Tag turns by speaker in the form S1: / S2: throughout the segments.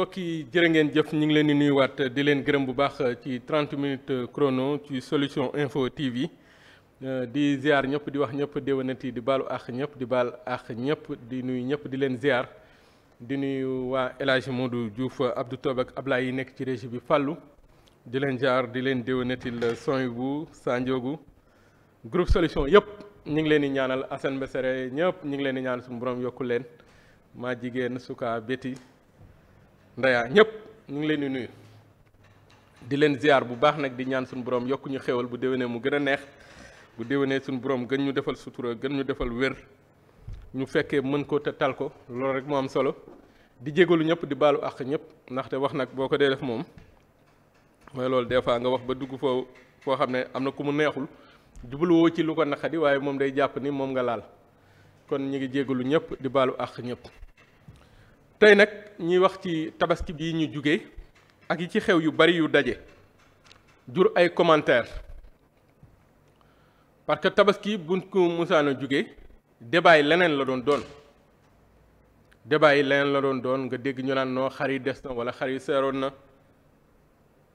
S1: mbokk yi jërë ngeen jëf ñu ngi leen di nuyuwaat di leen gërëm bu baax uh, ci 30 minutes uh, chrono ci solution info TV uh, di ziar ñëpp di wax ñëpp déwénati di baalu àq ñëpp di baal àq ñëpp di nuyu ñëpp di leen ziar di nuyu waa El Hadj Modou Diouf Abdou Toob ak yi nekk ci régie bi fàllu di leen ziar di leen déwénatil son bu Sanjoogu groupe solution yëpp ñu ngi leen di ñaanal Assane Mbesere ñëpp ñu ngi leen di ñaanal su borom yokku leen maa jigéen suka béti ndeyaa ñëpp ñu ngi leen di nuyu di leen ziar bu baax nag di ñaan suñu borom yokk ñu xéwal bu déwénee mu gën a neex bu déwénee suñu borom gën ñu defal sutura gën ñu defal wér ñu fekkee mën ko te tal ko loolu rek moo am solo di jégalu ñëpp di baalu àq ñëpp ndaxte wax nag boo ko dee def moom mooy loolu des fois nga wax ba dugg foo foo xam ne am na ku mu neexul woo ci lu ko naqadi waaye moom day jàpp ni moom nga laal kon ñu ngi jégalu ñëpp di baalu àq ñëpp. tey nag ñuy wax ci tabaski bii ñu jóge ak yi ci xew yu bari yu daje jur ay commentaire parce que tabaski buñ ko musaana jóge débat yi leneen la doon doon débat yi leneen la doon doon nga dégg ñu naan noo xar yi des na wala xar yi seeroon na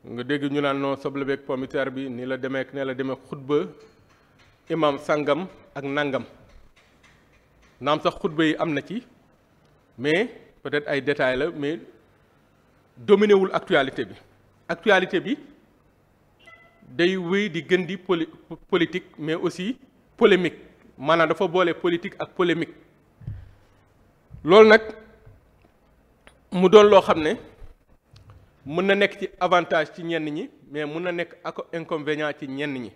S1: nga dégg ñu naan noo soble beeg pomiteer bi ni la demee ne la demee xutba imam sàngam ak nangam naam sax xutba yi am na ci mais peut-être ay détails la mais dominé wul actualité bi actualité bi day wéy di gën di poli politique mais aussi polémique maanaam dafa boole politique ak polémique loolu nag mu doon loo xam ne mën na nekk ci avantage ci ñenn ñi mais mun na nekk ak inconvénient ci ñenn ñi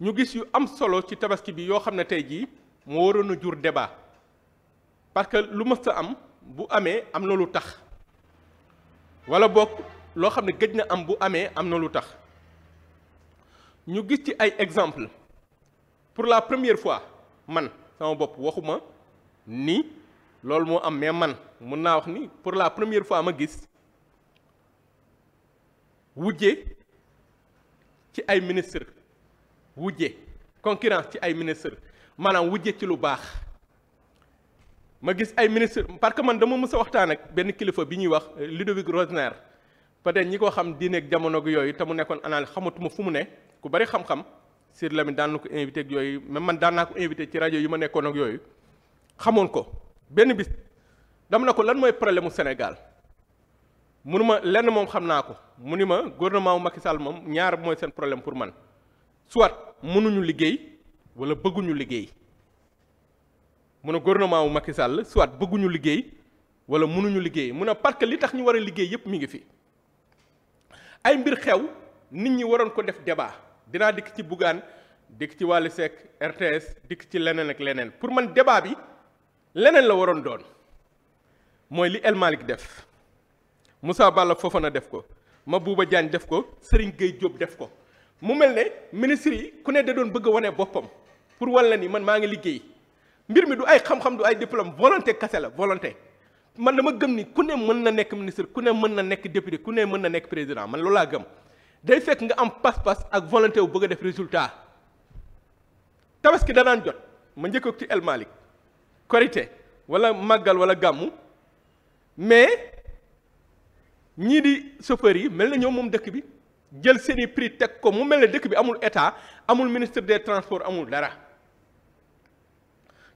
S1: ñu gis yu am solo ci tabaski bi yoo xam ne tey jii moo waroon a jur débat parce que lu mës a am bu amee am na lu tax wala boog loo xam ne gëj na am bu amee am na lu tax ñu gis ci ay exemple pour la première fois man sama bopp waxuma ni loolu moo am mais man mun naa wax ni pour la première fois ma gis wujje ci ay ministre wujje concurrence ci ay ministre maanaam wujje ci lu baax ma gis ay ministre parce que man dama mës a waxtaan ak benn kilifa bi ñuy wax euh, Ludovic Rosner peut-être ñi ko xam diine ak jamono gi yooyu te mu nekkoon anal xamatuma fu mu ne ku bari xam-xam Sidy Lamine daan na ko invité ak yooyu même man daan naa ci rajo yi ma nekkoon ak yooyu xamoon ko benn bis dama ne ko lan mooy problème mu Sénégal munuma lenn moom xam naa ko mu ni ma gouvernement Macky Sall moom ñaar mooy seen problème pour man soit mënuñu liggéey wala bëgguñu liggéey mu ne gouvernement wu Macky Sall soit bëgguñu liggéey wala munuñu liggéey mu ne parce que li tax ñu war a liggéey yépp mi ngi fi ay mbir xew nit ñi waroon ko def débat dinaa dikk ci Bougane dikk ci wàll Seck RTS dikk ci leneen ak leneen pour man débat bi leneen la waroon doon mooy li El Malick def Moussa Balla Fofana def ko ma Mabouba Diagne def ko Serigne Gueye Diop def ko mu mel ne ministre yi ku ne da doon bëgg a wane boppam pour wan la ni man maa ngi liggéey mbir mi du ay xam-xam du ay diplôme volonté kase la volonté man dama gëm ni ku ne mën na nekk ministre ku ne mën na nekk député ku ne mën na nekk président man loolu laa gëm day fekk nga am pas-pas ak volonté wu bëgg a def résultat tabaski danaan jot ma njëkkoog ci El Malick korité wala màggal wala gàmmu mais ñii di chauffeurs yi mel na ñëw moom dëkk bi jël seeni prix teg ko mu mel ne dëkk bi amul état amul ministre des transports amul dara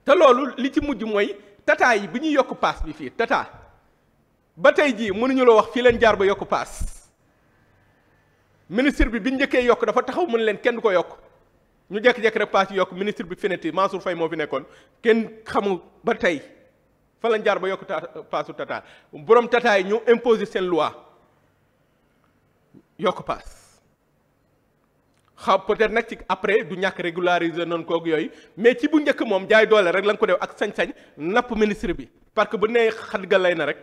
S1: te loolu li ci mujj mooy tata yi bi ñuy yokk paas bi fii tata ba tey jii mënuñu la wax fii leen jaar ba yokk paas ministre bi bi njëkkee yokk dafa taxaw mën leen kenn du ko yokk ñu jekk-jekk rek paas yokk ministre bi feneti Mansour fay moo fi nekkoon kenn xamu ba tey fa lañ jaar ba yokk ta paasu tata borom tata yi ñu imposer seen loi yokk paas xaw peut-être nag ci après du ñàkk régulariser noonu kook yooyu mais ci bu njëkk moom jaay doole rek la ko def ak sañ-sañ napp ministre bi parce que bu nee xadgal lay na rek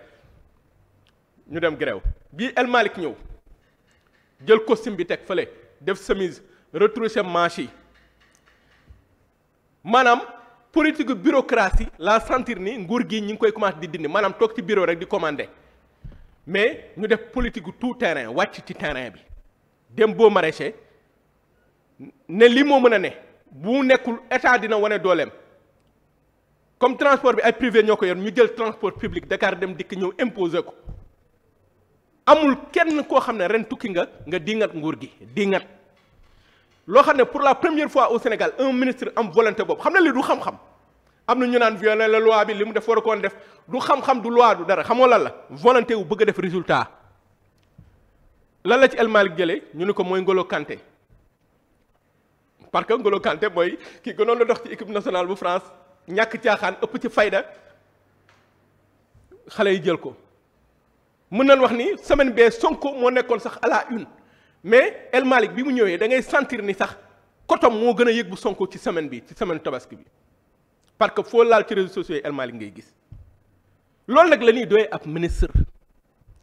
S1: ñu dem grève bii El ñëw jël costume bi teg fële def semise retroussé manche yi maanaam politique bureaucratie la sentir ni nguur gi ñi ngi koy commencé di dindi maanaam toog ci bureau rek di commandé mais ñu def politique tout terrain wàcc ci terrain bi dem boo maraîcher ne lii moo mën a ne bu nekkul état dina wane dooleem comme transport bi ay privé ñoo ko yor ñu jël transport public Dakar dem dikk ñëw imposer ko amul kenn koo xam ne ren tukki nga nga dingat nguur gi dingat loo xam ne pour la première fois au Sénégal un ministre am volonté boobu xam ne li du xam-xam am na ñu naan violé la loi bi li mu def war a koon def du xam-xam du loi du dara xamoo lan la volonté wu bëgg a def résultat lan la ci El Malick jëlee ñu ne ko mooy Ngolo parce que Ngolo Kanté mooy ki gënoon la dox ci équipe nationale bu France ñàkk caaxaan ëpp ci fayda xale yi jël ko. mën nañ wax ni semaine bee Sonko moo nekkoon sax à une mais El bi mu ñëwee dangay ngay sentir ni sax kotom moo gën a yëg bu Sonko ci semaine bi ci semaine tabaski bi parce que foo laal ci réseaux sociaux yi ngay gis. loolu nag la ñuy doyee ab ministre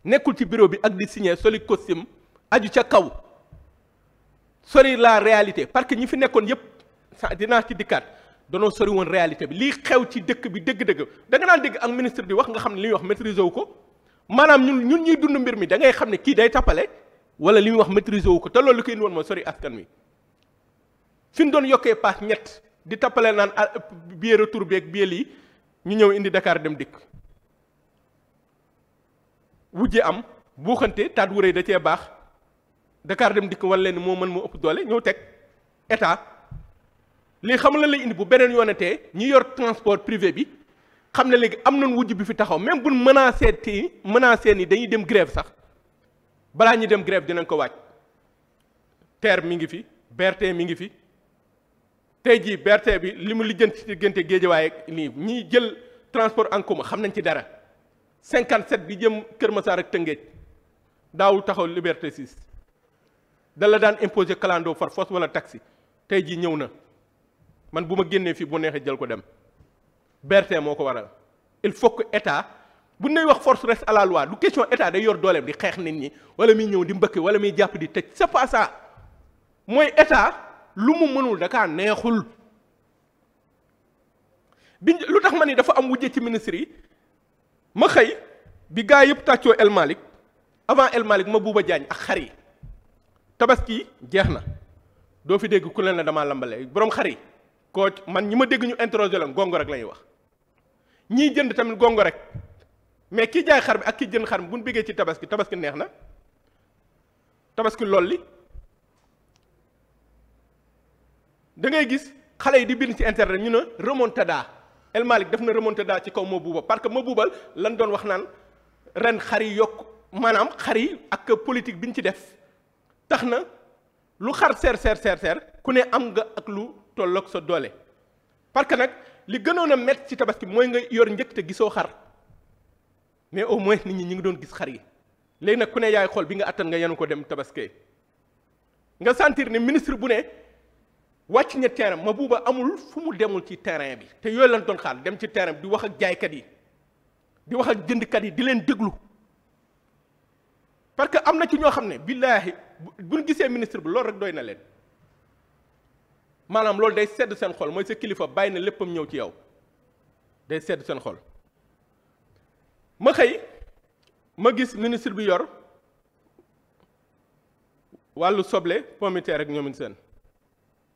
S1: nekkul ci bureau bi ak di signer soli costume aju ca kaw. sori la réalité parce que ñi fi nekkoon yëpp dinaa ci dikkaat danoo sori woon réalité bi lii xew ci dëkk bi dëgg-dëgg danga naan dégg ak ministre bi wax nga xam ne li ñuy wax maîtriser wu ko maanaam ñun ñun ñuy dund mbir mi dangay ngay xam ne kii day tappale wala li ñuy wax maîtriser wu ko te loolu li koy woon mooy sori askan wi fi ñu doon yokkee paas ñett di tappale naan ah, billet retour beeg billet lii ñu ñëw indi Dakar dem dikk wujje am buuxante taat wuree da cee baax Dakar dem dikk wala moo mën moo ëpp doole ñëw teg état lii xam la lay indi bu beneen yoonatee ñi yor transport privé bi xam ne léegi am nañ wujj bi fi taxaw même buñ menacé ti menacé ni dañuy dem grève sax balaa ñuy dem grève dinañ ko wàcc TER mi ngi fi BRT mi ngi fi tey jii BRT bi li mu lijjanti ci diggante Géejawaay ak nii ñiy jël transport en commun xam nañ ci dara 57 bi jëm Kër Masaar ak Tëngéej daawul taxaw Liberté 6 da la daan imposer clando far force wala taxi tey jii ñëw na man bu ma génnee fii bu neexee jël ko dem bertin moo ko waral il faut que état bu nay wax force reste à la du question état day yor dooleem di xeex nit ñi wala muy ñëw di mbëkk wala muy jàpp di tëj c'est pas ça mooy état lu mu mënul da neexul bi lu tax ma ni dafa am wujje ci ministre yi ma xëy bi gaa yëpp tàccoo El Malick avant El Malick ma buuba jaañ ak xar yi tabaski jeex na doo fi dégg ku leen ne damaa lambale borom xar yi ko man ñi ma dégg ñu interroger la gongo rek la wax ñiy jënd tamit gongo rek mais ki jaay xar bi ak ki jënd xar bi bu ñu biggee ci tabaski tabaski neex na tabaski lool li da ngay gis xale yi di bind ci internet ñu ne remontada El Malick def na remontada ci kaw ma buuba parce que Mabouba lan doon wax naan ren xar yi yokk maanaam xar yi ak politique bi ñu ci def tax na lu xar seer seer ku ne am nga ak lu tolloog sa doole parce que nag li gënoon a métti ci tabaski mooy nga yor njëkk te gisoo xar mais au moins nit ñi ñu ngi doon gis xar yi léegi nag ku ne yaay xool bi nga attan nga yenu ko dem tabaskee nga sentir ne ministre bu ne wàcc na terrain ma buuba amul fu mu demul ci terrain bi te yooyu lañ doon xaar dem ci terrain bi di wax ak jaaykat yi di wax ak jëndkat yi di leen déglu parce que am na ci ñoo xam ne billaahi buñ gisee ministre bi loolu rek doy na leen maanaam loolu day sedd seen xol mooy sa kilifa bàyyi na léppam ñëw ci yow day sedd seen xol ma xëy ma gis ministre bi yor wàllu soble pomiteer rek ñoomin seen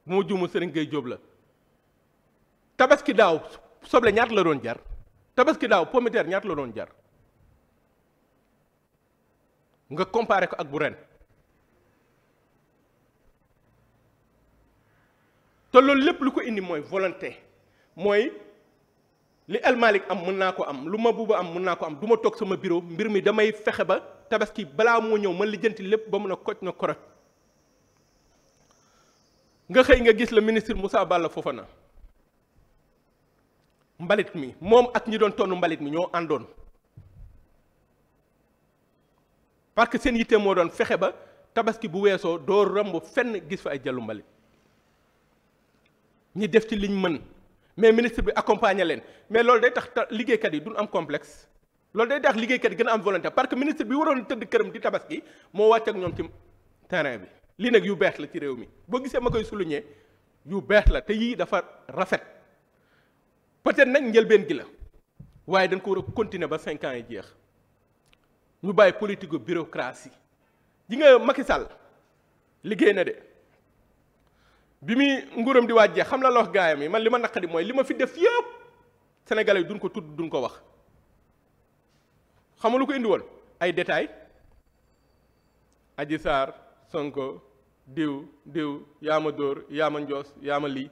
S1: bu ma juumul Serigne Gueye Diop la tabaski daaw soble ñaata la doon jar tabaski daaw pomiteer ñaata la doon jar nga comparé ko ak bu ren te loolu lépp lu ko indi mooy volonté mooy li El am mën naa ko am lu ma buuba am mën naa ko am du ma toog sama bureau mbir mi damay fexe ba tabaski balaa moo ñëw ma lijjanti lépp ba mun a koj na koroj nga xëy nga gis la ministre Moussa Balla Fofana mbalit mi moom ak ñi doon tonn mbalit mi ñoo àndoon parce que seen yitte moo doon fexe ba tabaski bu weesoo doo romb fenn gis fa ay jallu mbalit ñi def ci liñ mën mais ministre bi accompagner leen mais loolu day tax liggéeykat yi dun am complexe loolu day tax liggéeykat yi gën a am volonté parce que ministre bi waroon tëdd këram di tabaski moo wàcc ak ñoom ci terrain bi lii nag yu beex la ci réew mi boo gisee ma koy souligner yu beex la te yii dafa rafet peut-être nag njëlbeen gi la waaye dañ ko war a continuer ba cinq ans yi jeex ñu bàyyi politique bureaucratie ji nga Macky Sall liggéey na de bi muy nguuram di waaj jeex xam la la wax gaayam yi man li ma naqadi mooy li ma fi def yëpp sénégalais yi duñ ko tudd duñ ko wax xamalu ko indi woon ay détails aji saar sonko diw diw yaama dóor yaama njoos ma li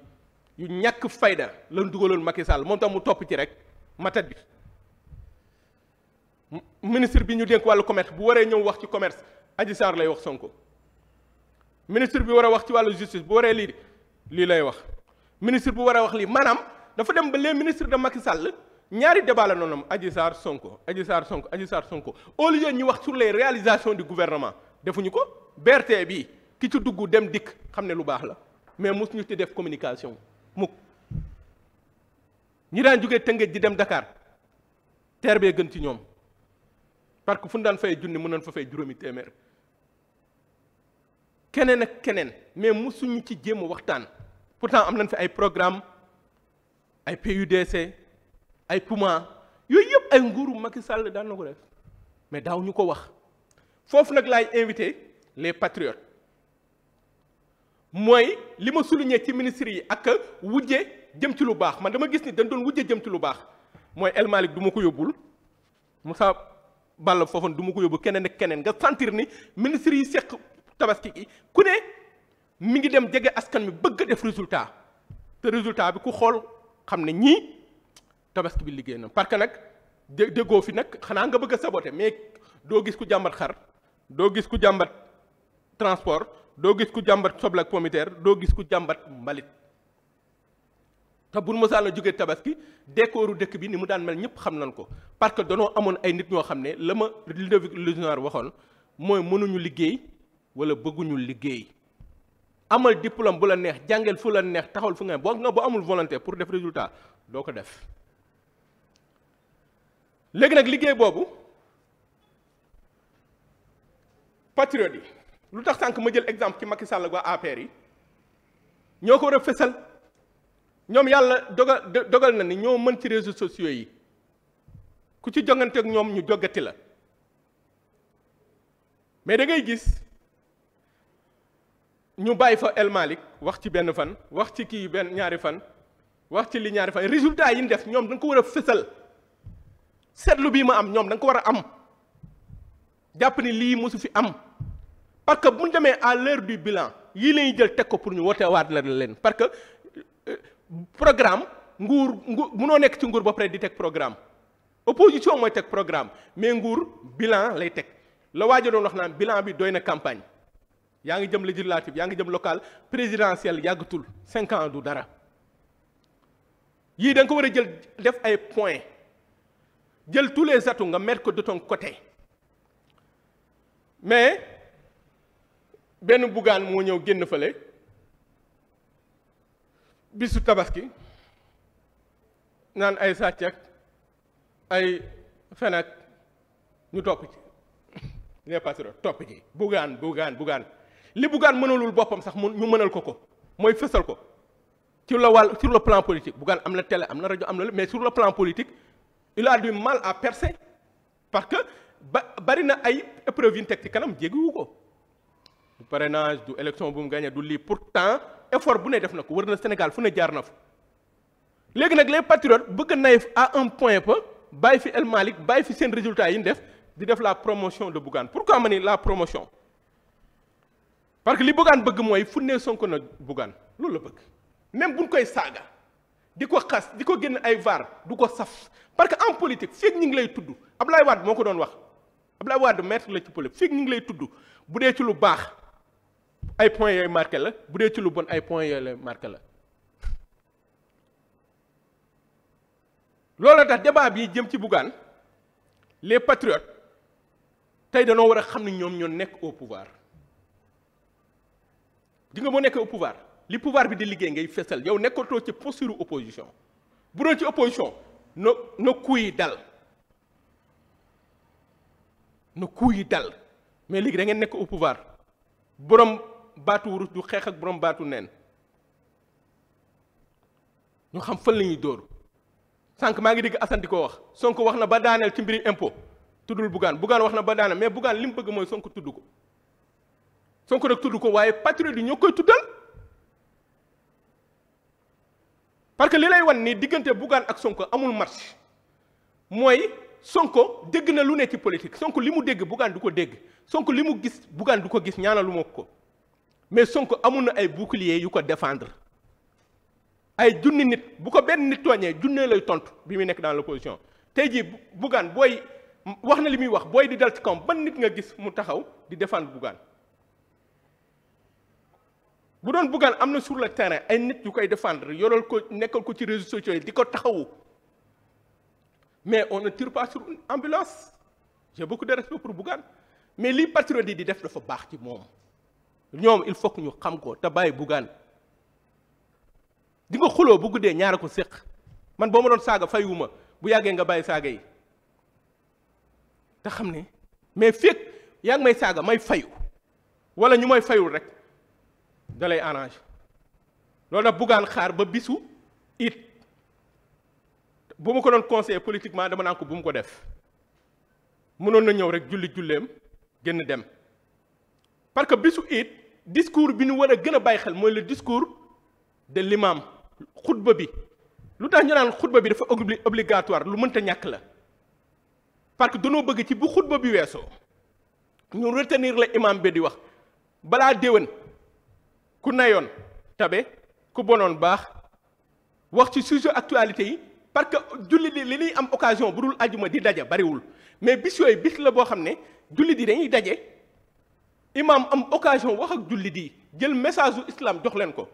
S1: yu ñàkk fayda lan dugaloon Macky Sall moom tam mu topp ci rek matat bi ministre bi ñu dénk wàllu commerce bu waree ñëw wax ci commerce aji saar lay wax sonko ministre bi war a wax ci wàllu justice bu waree lii lii lay wax ministre bu war a wax lii maanaam dafa dem ba les ministres de Macky Sall ñaari débat la noonu am Adji Sarr Sonko Adji Sarr Sonko Adji saar Sonko au lieu ñu wax sur les réalisations du gouvernement defuñu ko berte bi ki ci dugg dem dikk xam ne lu baax la mais mosuñu ñu ci def communication mukk ñi daan jógee Tëngéej di dem Dakar teer bee gën ci ñoom parce que fu ñu daan fay junni mun nañ fa fay juróomi keneen ak keneen mais mu suñ ci jéem a waxtaan pourtant am nañ fi ay programme ay PUDC ay Puma yooyu yëpp ay nguuru Macky Sall daan na ko def mais daaw ñu ko wax foofu nag laay invité les patriotes mooy li ma suluñee ci ministres yi ak wujje jëm ci lu baax man dama gis ni dañ doon wujje jëm ci lu baax mooy El duma ko yóbbul Moussa Balla foofu du ma ko yóbbu keneen ak keneen nga sentir ni ministres yi seq tabaski gi ku ne mi ngi dem jege askan mi bëgg a def résultat te résultat bi ku xool xam ne ñii tabaski bi liggéey na parce que nag dé déggoo fi nag xanaa nga bëgg a saboté mais doo gis ku jàmbat xar doo gis ku jàmbat transport doo gis ku jàmbat soble ak pomiteer doo gis ku jàmbat mbalit te bu nu mosaan jógee tabaski décooru dëkk bi ni mu daan mel ñëpp xam nañ ko parce que danoo amoon ay nit ñoo xam ne la ma li Ludovic Luxembourg waxoon mooy mënuñu liggéey. wala bëgguñu liggéey amal diplôme bu la neex jàngeel fu la neex taxawal fu nga boo nga bu amul volonté pour def résultat doo ko def léegi nag liggéey boobu patriote yi lu tax sànq ma jël exemple ci Macky Sall ak waa yi ñoo ko war a fësal ñoom yàlla dogal dogal na ni ñoo mën ci réseaux sociaux yi ku ci jongante ak ñoom ñu jogati la mais da gis ñu bàyyi fa El Malick wax ci benn fan wax ci kii benn ñaari fan wax ci li ñaari fan résultat yi ñu def ñoom da ko war a fësal seetlu bii ma am ñoom da ko war a am jàpp ni lii mosu fi am parce que bu ñu demee à l'heure du bilan yii la ñuy jël teg ko pour ñu wote la leen parce que euh, programme nguur nguur munoo nekk ci nguur ba pare di teg programme opposition mooy teg programme mais nguur bilan lay teg la waaja doon wax naan bilan bi doy na campagne yaa ngi jëm législative yaa ngi jëm local présidentiel yàggatul cinq ans du dara yii da ko war a jël def ay points jël tous les nga mettre ko de ton côté mais benn buggaan moo ñëw génn fële bisu tabaski naan ay sàcc ay fen ñu topp ci les patriotes topp ci buggaan buggaan buggaan li Bougane mënalul boppam sax mun ñu mënal ko ko mooy fësal ko sur le wàll sur le plan politique Bougane am na télé am na rajo am na mais sur le plan politique il a du mal à percer parce que ba bari na ay épreuve yu ñu ci kanam jéggiwu ko du parrainage du élection bu mu gagné du lii pourtant effort bu ne def na ko wër na Sénégal fu ne jaar na fa léegi nag les patriotes bëgg naïf à un point peu bàyyi fi El Malick bàyyi fi seen résultat yi ni def di def la promotion de Bougane pourquoi ma ni la promotion parce que li Bougane bëgg mooy fu ne Sonko na Bougane loolu la bëgg même buñ koy saaga di ko xas di ko génn ay vaar du ko saf parce que en politique feeg ñi ngi lay tudd Ablaye Wade moo ko doon wax Ablaye Wade maître la ci politique feeg ñi ngi lay tudd bu dee ci lu baax ay point yooyu marqué la bu dee ci lu bon ay points yooyu la marqué la loolu tax débat bi jëm ci Bougane les patriotes tey danoo war a xam ne ñoom ñoo nekk au pouvoir di nga boo nekkee au li pouvoir bi di liggéey ngay fesal yow nekkatoo ci posture opposition bu doon ci opposition no na kuy dal na kuy dal mais léegi da ngeen nekk au borom baatu wurus du xeex ak borom baatu neen ñu xam fan la ñuy dóor sànq maa ngi dégg Assane di wax sonk wax na ba daaneel ci mbiri impôt tuddul Bougane Bougane wax na ba daaneel mais Bougane li mu bëgg mooy sonk tudd ko. Sonko nag tudd ko waaye patriote yi ñoo koy tuddal parce que li lay wan nii diggante Bougane ak sonk amul marche mooy Sonko dégg na lu ne ci politique Sonko li mu dégg Bougane du ko dégg sonk li mu gis Bougane du ko gis lu mook ko mais sonk amul na ay bouclier yu ko defendre ay junni nit bu ko benn nit tooñee junnee lay tontu bi muy nekk dans l'opposition tey jii Bougane booy wax na li muy wax booy di dal ci kawam ban nit nga gis mu taxaw di défendre Bougane bu doon buggaan am na sur le terrain ay nit yu koy défendre yoral ko nekkal ko ci réseaux sociaux yi di ko taxawu mais on ne tire pas sur une ambulance j'ai beaucoup de respect pour Bougane mais li patriote yi di def dafa baax ci moom ñoom il faut que ñu xam ko te bàyyi Bougane di nga xuloo bu guddee ñaara ko séq man boo ma doon saaga fayuma bu yàggee nga bàyyi saaga yi te xam ne mais fekk yaa ngi may saaga may fayu wala ñu may fayul rek da lay loolu nag buggaan xaar ba bisu it bu ma ko doon conseillé politiquement dama naan ko bu mu ko def mënoon na ñëw rek julli julleem génn dem parce que bisu it discours bi ñu war a gën a bàyyi xel mooy le discours de l'imam xutba bi lu tax ñu naan xutba bi dafa obligatoire lu mënta ñàkk la parce que dañoo bëgg ci bu xutba bi weesoo ñu retenir la imam bi di wax balaa déwén ku nayoon tabe ku bonoon baax wax ci sujet actualité yi parce que jullit yi li ñuy am occasion bu dul ajuma di daje bariwul mais bis yooyu bis la boo xam ne jullit yi dañuy daje imaam am occasion wax ak jullit yi jël message u islam jox leen ko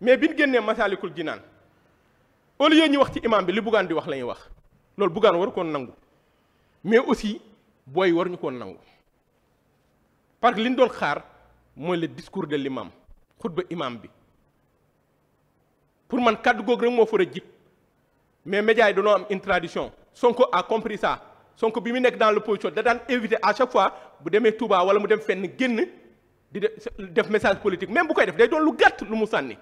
S1: mais bi ñu génnee masaalikul jinaan au lieu ñu wax ci imaam bi li buggaan di wax la ñuy wax loolu buggaan waru koon nangu mais aussi booy waruñu koon nangu parce que li ñu doon xaar. mooy le discours de l'imam xutba imam bi pour man kàddu goog rek moo far a jib mais médias yi am une tradition Sonko a compris ça Sonko bi mu nekk dans l'opposition da daan éviter à chaque fois bu demee Touba wala mu dem fenn génn di def message politique même bu koy def day doon lu gàtt lu mu sànni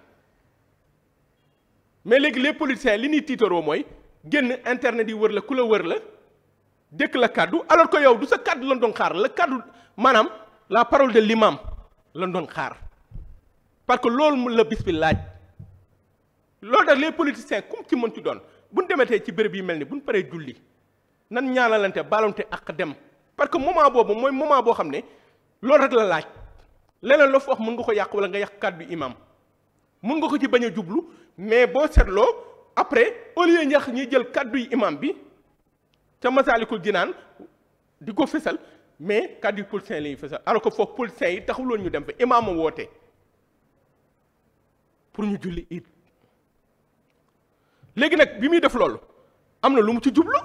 S1: mais léegi les politiciens li ñuy tiitaroo mooy génn internet yi wër la ku la wër la dëkk la kàddu alors que yow du sa kàddu la doon xaar la kàddu maanaam la parole de l'imam lan doon xaar parce que loolu la bis bi laaj loolu nag les politiciens comme ci mën ci doon bu ñu demetee ci béréb yi mel ni bu ñu paree julli nan ñaanalante baalonte ak dem parce que moment boobu mooy moment boo xam ne loolu rek la laaj leneen loo fa wax mën nga ko yàq wala nga yàq kàddu imam mun nga ko ci bañ a jublu mais boo seetloo après au lieu ñax ñuy jël kàddu yi imam bi ca Masaalikul Jinaan di ko fésal mais kaddu politicien la ñuy fësal alors que foofu politicien yi taxuloon ñu dem fa imaam a woote pour ñu julli it léegi nag bi muy def loolu am na lu mu ci jublu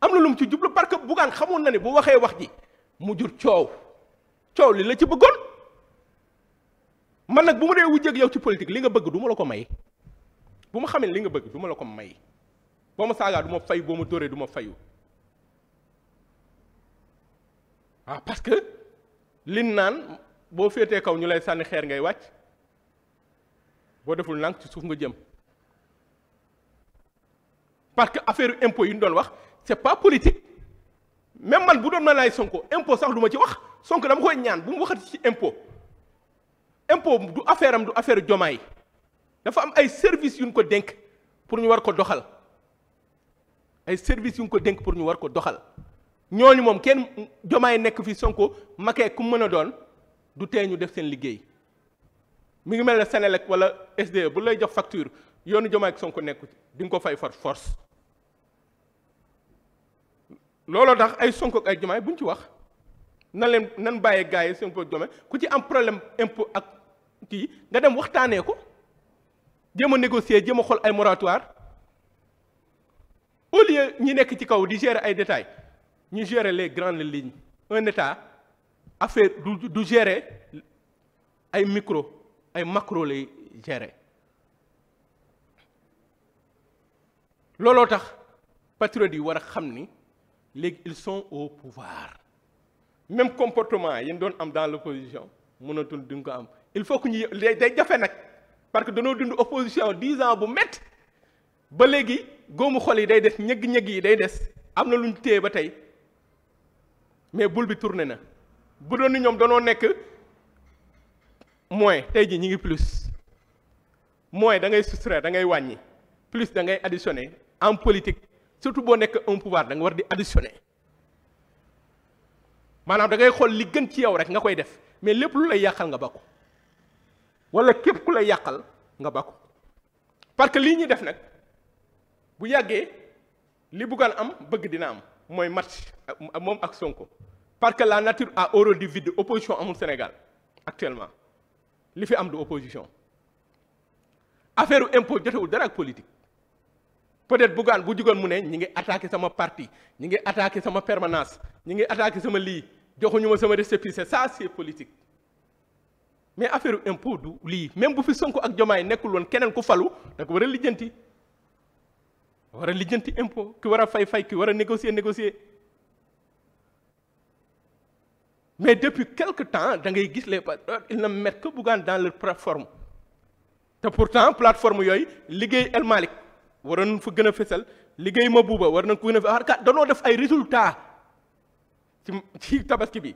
S1: am na lu mu ci jublu parce que Bougane xamoon na ne bu waxee wax ji mu jur coow coow li la ci bëggoon man nag bu ma dee wujjeeg yow ci politique li nga bëgg du ma la ko may bu ma xamee li nga bëgg du ma la ko may boo ma saagaa du ma fay boo ma dóoree du ma fayu waaw ah, parce que lin naan boo féetee kaw ñu lay sànni xeer ngay wàcc boo deful nànk ci suuf nga jëm parce que affaire impôt yi ñu doon wax c'est pas politique même man bu doon ma naay sonko impôt sax du ma ci wax sonk dama koy ñaan bu mu waxati ci impo impôt du affaire am du affaire jomaay dafa am ay service yu ñu ko dénk pour ñu war ko doxal ay service yu ñu ko dénk pour ñu war ko doxal ñooñu moom kenn jomaay nekk fi Sonko makee ku mën a doon du tee ñu def seen liggéey mu ngi mel ne Senelec wala SDE bu lay jox facture yoonu jomaay Sonko nekku ci di nga ko fay for force looloo tax ay Sonko ak ay jomaay buñ ci wax nan leen nan bàyyee gars yi Sonko jomaay ku ci am problème impôt ak kii nga dem waxtaanee ko jéem a négocier jéem a xool ay moratoire au lieu ñi nekk ci kaw di gérer ay détails ñu gere les grandes ligne un état affaire du du gérer ay micro ay macro lay gérer looloo tax patriotes yi war a xam ni léegi ils sont au pouvoir même comportement yi ñu doon am dans l'opposition mënatul duñ ko am il faut que ñu day jafe nag parce que dañoo dund opposition dix ans bu métti ba léegi góomu xol yi day des ñëgg-ñëgg yi day des am na lu ñu téye ba tey mais boule bi tourné na bu doon ni ñoom danoo nekk moins tey jii ñi ngi plus moins da ngay soustraire da ngay wàññi plus da ngay additionner en politique surtout boo nekk un pouvoir da nga war di additionner maanaam da ngay xool li gën ci yow rek nga koy def mais lépp lu lay yàqal nga bakku wala képp ku lay yàqal nga bakku parce que lii ñuy def nag bu yàggee li buggaan am bëgg dina am. mooy match moom ak Sonko parce que la nature a horreur du vide opposition amul Sénégal actuellement li fi am du opposition affaire impôt jotewul dara ak politique peut-être Bougane bu jugoon mu ne ñi ngi attaqué sama parti ñi ngi attaqué sama permanence ñi ngi attaqué sama lii joxuñu ma sama récépissé ça c'est politique mais affaire impôt du lii même bu fi Sonko ak Diomaye nekkul woon keneen ku falu da ko war a lijjanti war a lijjanti impo ki war a fay fay ki war a négocier négocier mais depuis quelque temps da ngay gis les patriotes ils ne mettent que Bougane dans leur plateforme te pourtant plateforme yooyu liggéey El Malick waroon fa gën a fësal liggéey Mabouba war nañ ko gën a fësal danoo def ay résultats ci ci tabaski bi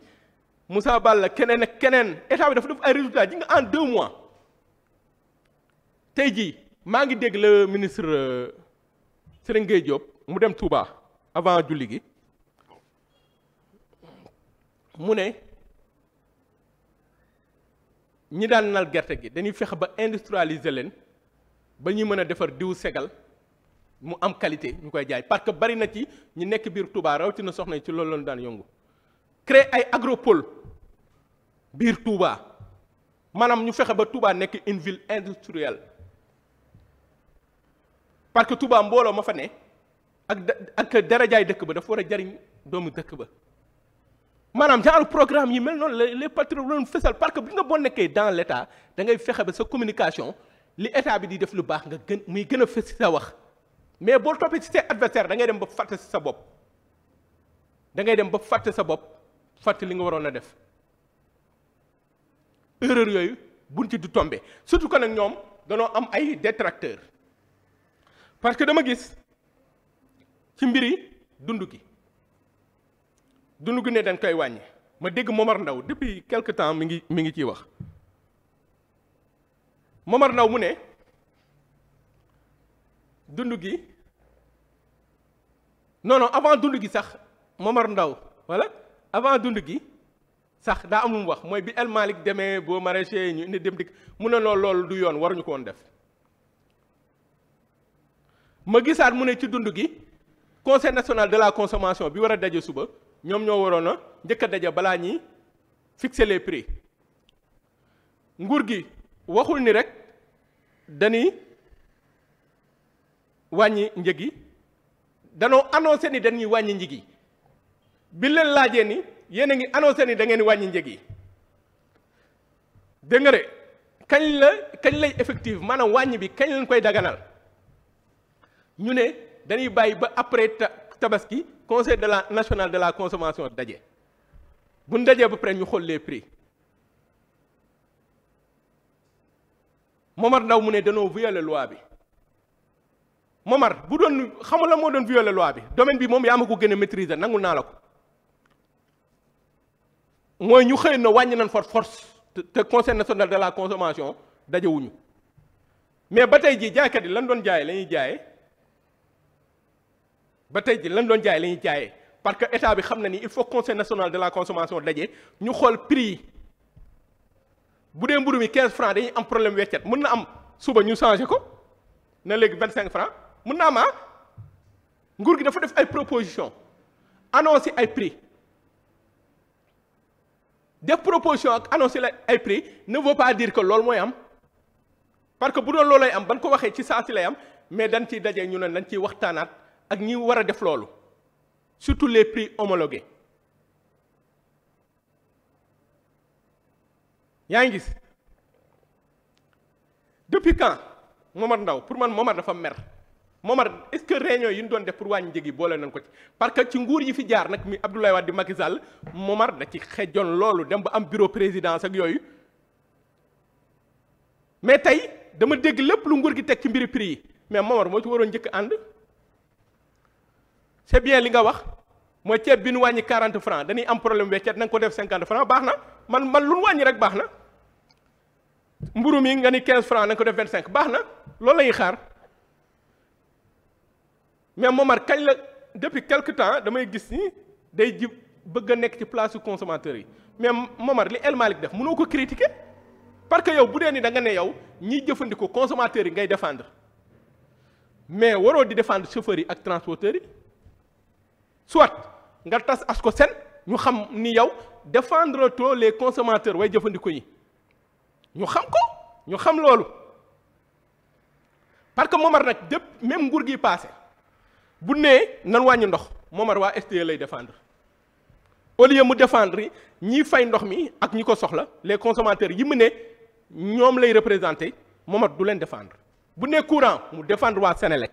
S1: Moussa la keneen ak keneen état bi dafa def ay résultats ji nga en deux mois tey jii maa ngi dégg le ministre. Euh, Serigne Gueye Diop mu dem Touba avant julli gi mu ne ñi daan nal gerte gi dañuy fexe ba industrialiser leen ba ñuy mën a defar diw segal mu am qualité ñu koy jaay parce que bari na ci ñi nekk biir Touba rawatina soxna yi ci loolu lañu daan yongu créer ay agropole biir Touba maanaam ñu fexe ba Touba nekk une ville industrielle parce que Touba mbooloo ma fa ne ak ak darajaay dëkk ba dafa war a jariñ doomu dëkk ba maanaam genre programme yi mel noonu la les patrons loolu fësal parce que bi nga boo nekkee dans l' dangay da fexe ba sa communication li état bi di def lu baax nga gën muy gën a fës sa wax mais boo toppee si say adversaire da ngay dem ba fàtte sa bopp da ngay dem ba fàtte sa bopp fàtte li nga waroon a def erreur yooyu buñ ci du tombé surtout que nag ñoom danoo am ay détracteurs. parce que dama gis ci mbiri dund gi dund gi ne dañ koy wàññi ma dégg Momar Ndaw depuis quelque temps mi ngi mi ngi ciy wax Momar Ndaw mu ne dund gi non non avant dund gi sax Momar Ndaw voilà avant dund gi sax daa am lu mu wax mooy bi El Malick demee boo maraîcher ñu indi dem dikk mu ne loolu loolu du yoon ñu ko woon def ma gisaat mu ne ci dund gi conseil national de la consommation bi war a daje suba ñoom ñoo waroon a njëkk a daje balaa ñuy fixer les prix nguur gi waxul ni rek dañuy wàññi njëg yi danoo annoncé ni dañuy wàññi njëg yi bi leen laajee ni yéen a ngi annoncé ni da ngeen wàññi njëg yi dégg kañ la kañ lay effective maanaam wàññi bi kañ lañ koy daganal. ñu ne dañuy bàyyi ba après tabaski conseil de la national de la consommation daje bu ñu dajee ba pare ñu xool lee prix Momar Ndao mu ne danoo violer loi bi Momar bu doon xamul la moo doon violer loi bi domaine bi moom yaa ma ko gën a maîtriser nangul naa la ko mooy ñu xëy na wàññi nañ for force te conseil national de la consommation dajewuñu mais ba tey jii jaaykat yi lan doon jaay la ñuy jaayee. ba tey ji lan doon jaay la ñuy jaayee parce que état bi xam na ni il faut conseil national de la consommation daje ñu xool prix yi bu dee mburu mi quinze francs dañu am problème weccet mun na am suba ñu changé ko na léegi cinq francs mun na am a ah. nguur gi dafa def ay proposition annoncé ay prix def proposition ak annoncé la ay prix ne veut pas dire que loolu mooy am parce que bu doon lay am ban ko waxee ci saa si lay am mais dañ ciy daje ñu ne dañ ciy waxtaanaat. ak ñi war a def loolu surtout les prix homologués yaa ngi gis depuis quand Momar ndaw pour man Momar dafa mer Momar est-ce que réunion yi ñu doon def pour wàññi njëg yi boole nañ ko ci parce que ci nguur yi fi jaar nag mi Abdoulaye Wade di Macky Sall Momar da ci xejoon loolu dem ba am bureau présidence ak yooyu mais tey dama dégg lépp lu nguur gi teg ci mbiri prix yi mais Momar moo ci waroon njëkk ànd c'est bien li nga wax mooy ceeb bi nu wàññi quarante francs dañuy am problème weccet na nga ko def 50 francs baax na man man lu nu wàññi rek baax na mburu mi nga ni 15 francs na ko def cinq baax na loolu lañuy xaar mais Momar kañ la depuis quelque temps damay gis ni day ji bëgg a nekk ci place su yi mais Momar li El Malick def mënoo ko critiquer parce que yow bu dee nii da nga ne yow ñiy jëfandikoo consommateur yi ngay défendre mais waroo di défendre chauffeurs ak transporteurs yi. soit nga tas ASCOSEN ñu xam ni yow defendre trop les consommateurs way jëfandikoo yi ñu xam ko ñu xam loolu parce que Momar nag dëpp même nguur gi paase bu nee nan wàññi ndox Momar waa SDE lay defendre au lieu mu defendre ñiy fay ndox mi ak ñi ko soxla les consommateurs yi mu ne ñoom lay représenté Momar du leen defendre bu nee courant mu défendre waa Sénélec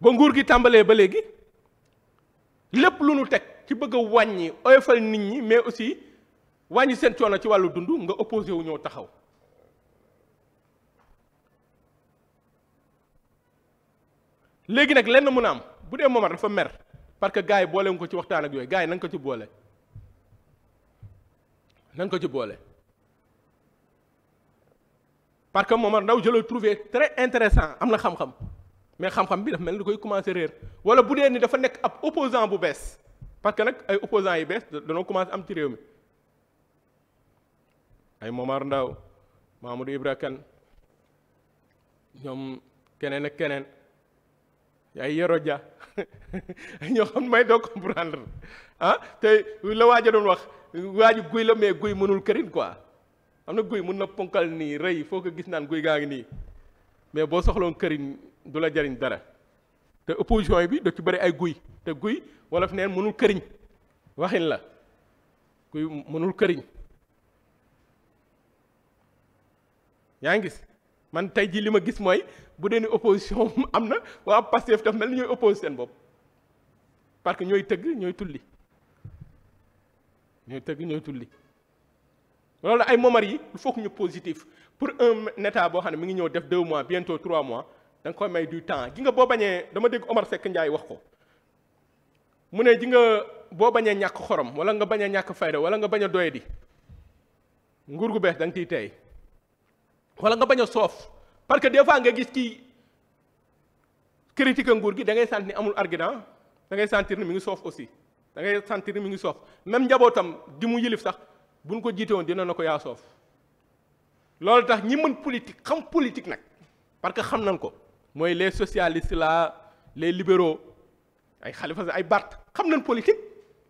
S1: ba nguur gi tàmbalee ba léegi lépp lu nu teg ci bëgg a wàññi oyofal nit ñi mais aussi wàññi seen coono ci wàllu dund nga opposé wu ñëw taxaw léegi nag lenn mun a am bu dee Momar dafa mer parce que gars yi boole nga ko ci waxtaan ak yooyu gaay yi ko ci boole na ko ci boole parce que Momar ndaw je le trouvais très intéressant am na xam-xam mais xam-xam bi dafa mel ni koy commencé réer wala bu dee ni dafa nekk ab opposant bu bees parce que nag ay opposants yi bees danoo commencé am ci réew mi ay Momar Ndao Mamadou Ibra Kane ñoom keneen ak keneen ay Yoro Dia ñoo xam ne may doo comprendre ah te la waaja doon wax waaju guy la mais guy mënul kërin quoi am na guy mën na ponkal nii rëy foo ko gis naan guy gaa ngi nii mais boo soxloon kërin du la jariñ dara te opposition bi da ci bari ay guy te guy wolof neen mënul këriñ waxin la guy mënul këriñ yaa ngi gis man tey jii li ma gis mooy bu dee ni opposition am na waa Pastef daf mel ni ñooy oppose seen bopp parce que ñooy tëgg ñooy tulli ñooy tëgg ñooy tulli loolu ay momar yi il faut ñu positif pour un état boo xam ne mi ngi ñëw def deux mois bientôt trois mois da nga koy may du temps ji nga boo bañee dama dégg Omar sekk Ndiaye wax ko mu ne ji nga boo bañee ñàkk xorom wala nga bañ a ñàkk fayda wala nga bañ a doyadi nguur gu bees da ciy tey wala nga bañ a soof parce que des fois nga gis ci critique nguur gi da ngay sant ni amul argument da ngay sentir ni mi ngi soof aussi da ngay sentir ni mi ngi soof même njabootam di mu yilif sax buñ ko jiite woon dina na ko yaa soof loolu tax ñi mën politique xam politique nag parce que xam nañ ko mooy les socialistes la les libéraux ay Khalifa ay Barth xam nañ politique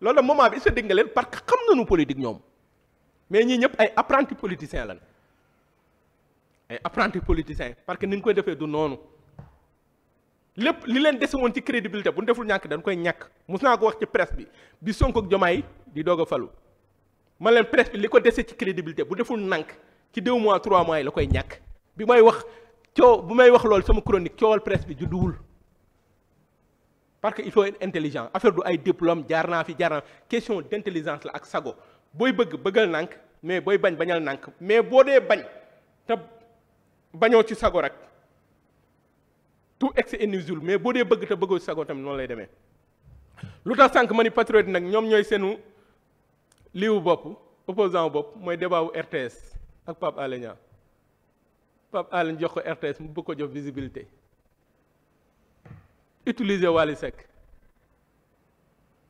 S1: loolu la moment bi est-ce que dégg nga leen parce que xam nañu politique ñoom mais ñii ñëpp ay apprenti politiciens lañ ay apprenti politiciens parce que ni ñu koy defee du noonu lépp li leen dese woon ci crédibilité bu ñu deful ñàkk dañ koy ñàkk mos naa ko wax ci presse bi bi sonk ak Jomaay di doog a falu ma leen presse bi li ko dese ci crédibilité bu deful nànk ci déw mois trois mois la koy ñàkk bi wax. coow bu may wax loolu sama chronique coowal presse bi judduwul parce que il faut être intelligent affaire du ay diplôme jaar naa fi jaar naa question d' intelligence la ak sago booy bëgg bëggal nànk mais booy bañ bañal nànk mais boo dee bañ te bañoo ci sago rek tout excès est mais boo dee bëgg te bëggoo ci sago tamit noonu lay demee. lu tax sànq ma ni patriote nag ñoom ñooy seenu liiwu bopp opposant bopp mooy débat wu RTS ak Pape Alé Pape Alé jox ko RTS mu bëgg ko jox visibilité utiliser Wally Seck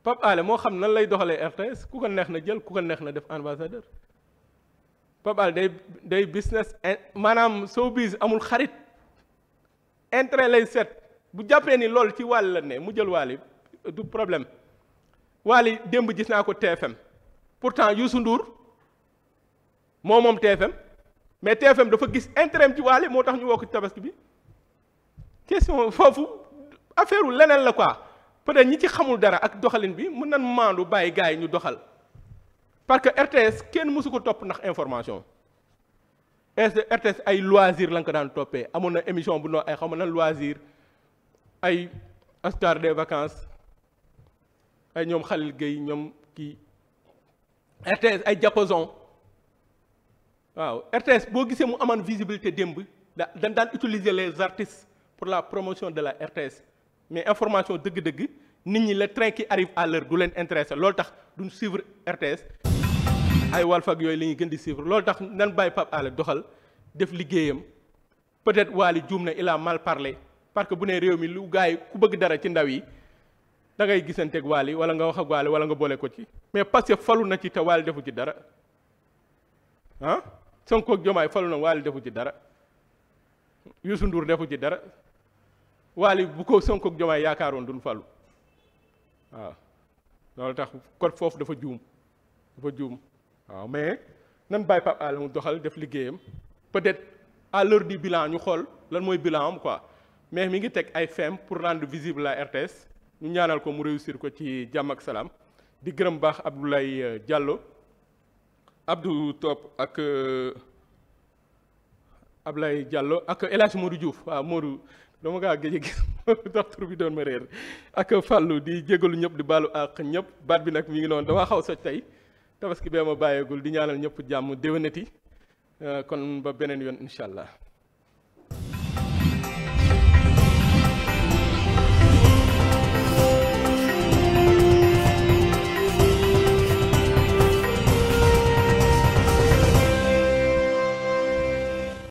S1: Pape Alé moo xam nan lay doxalee RTS ku ko neex na jël ku ko neex na def ambassadeur Pape Alé day day business eh, maanaam showbiz amul xarit intérêt lay seet bu jàppee ni loolu ci Wally la ne mu jël Wally du problème Wally démb gis naa ko TFM pourtant Youssou Ndour moo moom TFM mais TFM dafa gis intérêt ci waale moo tax ñu woo ko tabaski bi question foofu affaire leneen la quoi peut ñi ci xamul dara ak doxalin bi mën nan maandu bàyyi gars yi ñu doxal parce que RTS kenn mësu ko topp ndax information RTS ay loisir la nga ko daan toppee amoon na émission bu noo ay xam na loisir ay star des vacances ay ñoom Khalil Gueye ñoom kii RTS ay diapason waaw RTS boo gisee mu amoon visibilité démb da dañ daan utiliser les artistes pour la promotion de la RTS mais information dëgg-dëgg nit ñi la train qui arrive à l'heure du leen intéressé loolu tax du suivre RTS ay Walf ak yooyu li ñuy gën di suivre lool tax nan bàyyi Pape Alé doxal def liggéeyam peut-être Waly juum na il a mal parler parce que bu ne réew mi lu gars ku bëgg dara ci ndaw yi da ngay gisanteeg Waly wala nga wax ak wala nga boole ko ci mais parce que falu na ci te Waly defu ci dara Sonko ak Jomaay falu na Waly defu ci dara Youssou Ndour defu ci dara Waly bu ko Sonko ak Jomaay yaakaaroon duñ falu waaw loolu tax kon foofu dafa juum dafa juum waaw mais nan bàyyi Pape Alé mu doxal def liggéeyam peut-être à l'heure du ñu xool lan mooy bilan am quoi mais mi ngi teg ay fem pour rendre visible la RTS ñu ñaanal ko mu réussir ko ci jàmm ak salaam di gërëm baax Abdoulaye euh, Diallo abdu Top ak euh, lay jàlloo ak El Hadj Modou Diouf waaw Modou dama gaa gëj a gis docteur bi doon ma réer ak Fallou di jégalu ñëpp di baalu ak ñëpp baat bi nag mi ngi noonu damaa xaw soj tey tabaski bee ma bàyyeegul di ñaanal ñëpp jàmm déwénati euh, kon ba beneen yoon incha allah.